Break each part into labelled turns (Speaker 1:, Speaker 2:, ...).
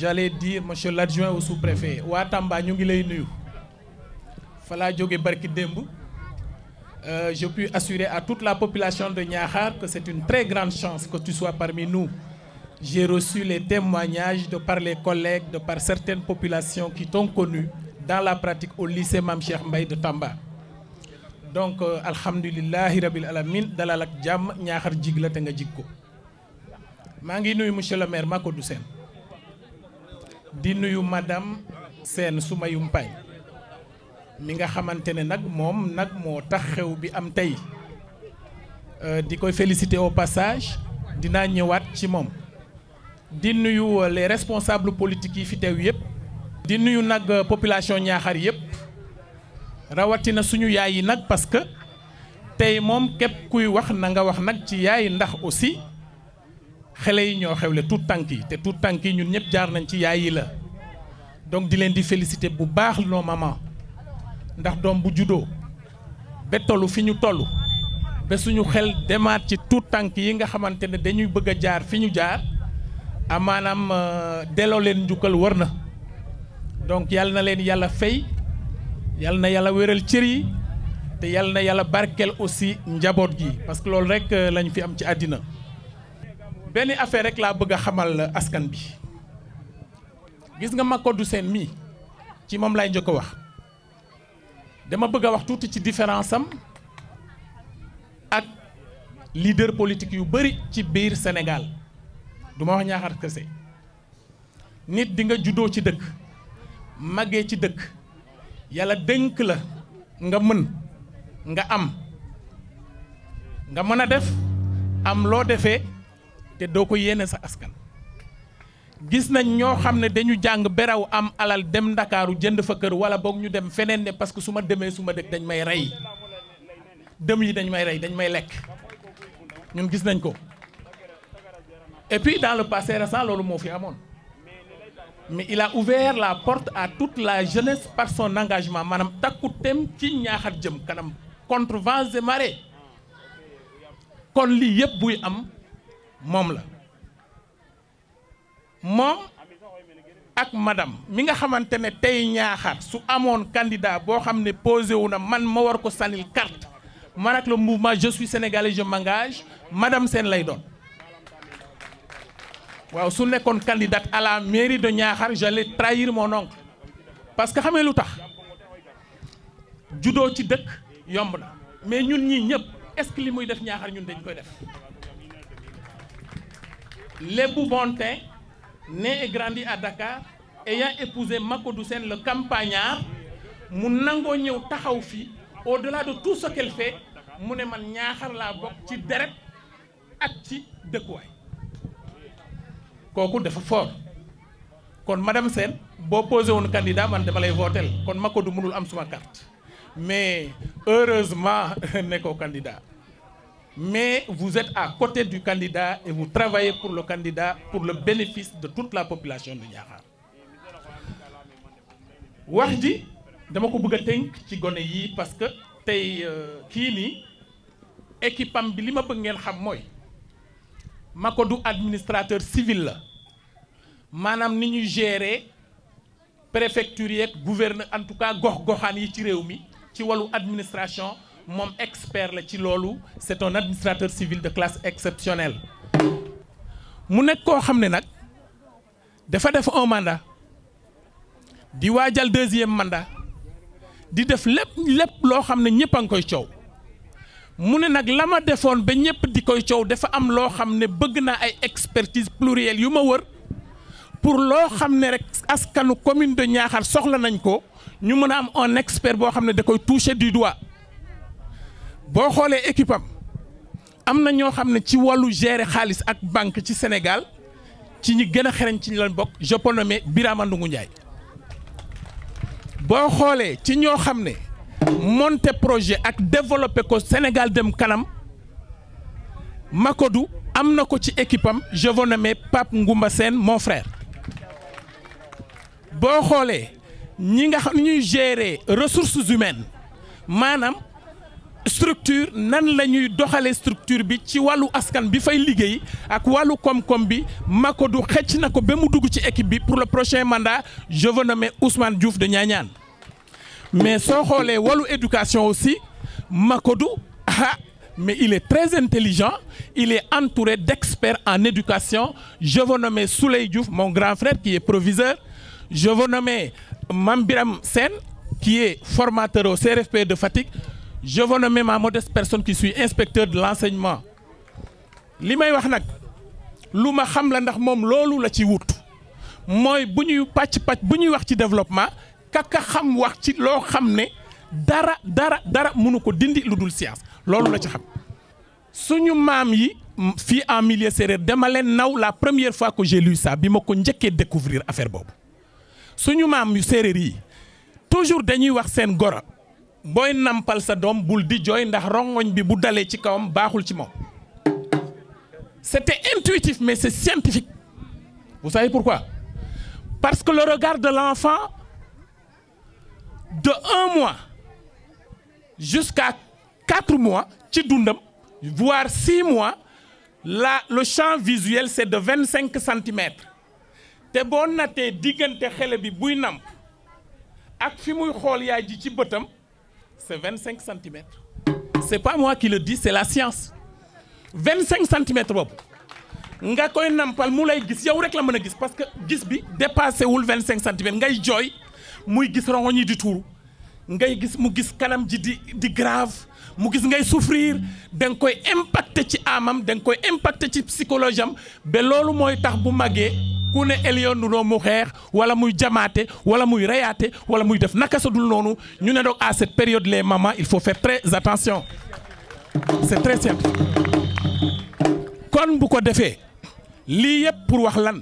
Speaker 1: j'allais dire monsieur l'adjoint au sous-préfet wa Tamba ñu ngi lay nuyu barki dembu euh, je puis assurer à toute la population de Nyahar que c'est une très grande chance que tu sois parmi nous j'ai reçu les témoignages de par les collègues de par certaines populations qui t'ont connu dans la pratique au lycée Mam Cheikh Mbaye de Tamba donc euh, alhamdulillah, Hirabil alamin Dalalak jam Nyahar jigla te nga monsieur le maire mako di nuyu madame seen Soumayoum Paye mi nga xamante ne nag moom nag moo tax xew bi am tey euh, di koy féliciter au passage dinaa ñëwaat ci moom di nuyu les responsables politiques yi fi teew yëpp di nuyu nag euh, population ñaaxar yëpp rawatina suñu yaay yi nag parce que tey moom képp kuy wax na nga wax nag ci yaay ndax aussi xele yi ñoo xewle tout tànk yi te tout tànk yi ñun ñëpp jaar nañ ci yaay yi la donc di leen di félicité bu baax loo maman ndax doom bu juddoo ba toll fi ñu toll ba suñu xel demaat ci tout tànk yi nga xamante ne dañuy bëgg a jaar fi ñu jaar a maanaam euh, delloo leen njukkal war na donc yal na leen yàlla fay yal na yàlla wéral cër yi te yal na yàlla barkeel aussi njaboot gi parce que loolu rek euh, lañ fi am ci àddina benn affaire rek laa bëgg a xamal askan bi gis nga ma Macodou Sène mii ci moom laay njëkk wax dama bëgg a wax tuuti ci différence am ak leader politique yu bëri ci biir senegal duma wax ñaaxar kese nit di nga juddoo ci dëkk màggee ci dëkk yàlla dénk la nga mën nga am nga mën a def am loo defee te doo ko yéene sa askan gis nañ ñoo xam dañu jang beraw am alal dem dakaru jënd fa kër wala bok ñu dem fenen ne parce que suma ma suma dekk dañ may ray dem yi dañ may ray dañ may lekk ñun gis nañ ko et puis dans le passé récent lolu mo fi amone mais il a ouvert la porte à toute la jeunesse par son engagement maanaam takkuteem ci ñaaxat jëm kanam contre vents et marées kon li yeb buy am moom la moom ak madame mi nga xamante su amon candidat bo xam ne posé wu na man mawar war ko salil carte man ak le mouvement je suis sénégalais je m'engage madame sen lay doon waaw su nekkoon candidate à la mairie de ñaaxar j'allais trahir mon oncle parce que xamee lu Judo judoo ci yomb mais nous, nous, nous, est-ce que li muy def ñaaxar ñun dañ koy def les Bontin, né et grandi à Dakar, ayant épousé Makodou Sen, le campagnard, mu nangoo au taxaw au-delà de tout ce qu'elle fait mu ne man ñaaxar laa bokk ci deret ak ci dëkkuwaay Kokou dafa fort kon madame Sen, boo posé un candidat man dama lay votel kon Makodou mënul am suma carte mais heureusement pas candidat mais vous êtes à côté du candidat et vous travaillez pour le candidat pour le bénéfice de toute la population de Niakhar wax je dama ko bëgg a ci parce que tey euh, kii nii équipe qui bi li ma ngeen xam administrateur civil manam suis ni gérer préfecture gouverneur en tout cas qui goxaan yi ci réew administration mon expert le ci loolu c'est un administrateur civil de classe exceptionnelle mu nekk koo xam ne nag dafa un mandat di waajal deuxième mandat di def lépp lépp lo xam ne ñëpp a ngi koy coow mu ne nag la ma ba ñëpp di koy coow am lo xam bëgg ay expertise plurielle yu ma wër pour lo xam rek askanu commune de Niakhar soxla nañ ko ñu mën am un expert bo xam ne koy toucher du doigt boo xoolee équipe am na ñoo xam ne ci wàllu gérer xaalis ak banque ci Sénégal ci ñi gën a xereñ ci ñu leen bokk je peux nommer Birama Ndungu Ndiaye boo xoolee ci ñoo xam ne monter projet ak développer ko Sénégal dem kanam Makodou am na ko ci équipe am je veux nommer Pape mon frère boo xoolee ñi nga xam ñuy gérer ressources humaines maanaam. structure nan lañuy doxale structure bi ci askan bi fay liggéey ak walu bi ci équipe bi pour le prochain mandat je veux nommer Ousmane Diouf de Nyanyan. mais so xolé walu éducation aussi Makodou, ah, mais il est très intelligent il est entouré d'experts en éducation je veux nommer Souley Diouf mon grand frère qui est proviseur je veux nommer Mambiram Sen qui est formateur au CRFP de Fatigue je veux nommer ma modeste personne qui suis inspecteur de l'enseignement li may wax nag lu ma xam la ndax moom loolu la ci wut mooy bu ñuy pàcc pàcc wax ci développement kaka xam wax ci lo xam dara dara dara munu ko dindi lu dul science loolu la ci xam suñu mam yi fi en milieu séeréer dama leen naw la première fois que j'ai lu ça bi ma ko njëkkee découvrir affaire bobu suñu mam yu séeréer yi toujours dañuy wax sen goro boy nampal sa dom bul di joy ndax rongogn bi bu dalé ci kawam baxul ci mom c'était intuitif mais c'est scientifique vous savez pourquoi parce que le regard de l'enfant de un mois jusqu'à quatre mois ci dundam voire six mois la le champ visuel c'est de 25 cm té bon naté nattee xélé bi buy namp ak fi muy xol yaay ji ci bëtam c'est 25 cm. C'est pas moi qui le dis, c'est la science. 25 cm nga koy nampal moulay lay yow rek la parce que gis bi dépassé 25 centimètres ngay joy, muy gis di ngay gis mu gis kanam di di grave mu gis ngay souffrir dang impacté ci amam dang koy impacté ci psychologie bu ku Elion du mu wala muy jamaate wala muy reyaate wala muy def naka sa dul noonu ñu ne donc à cette période les mamans il faut faire très attention c'est très simple kon bu ko defee li yëpp pour wax lan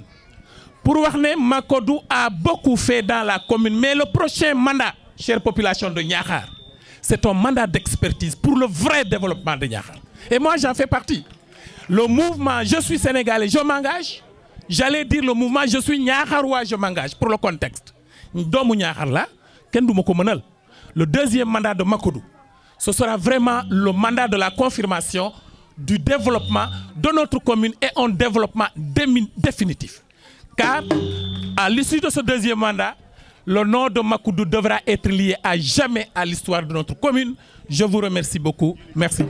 Speaker 1: pour wax ne Makodou a beaucoup fait dans la commune mais le prochain mandat chère population de Niakhar c'est un mandat d'expertise pour le vrai développement de Niakhar et moi j'en fais partie le mouvement Je suis sénégalais je m'engage j'allais dire le mouvement je suis Nyaharoua, je m'engage pour le contexte le deuxième mandat de Makoudou, ce sera vraiment le mandat de la confirmation du développement de notre commune et un développement définitif car à l'issue de ce deuxième mandat le nom de Makoudou devra être lié à jamais à l'histoire de notre commune je vous remercie beaucoup merci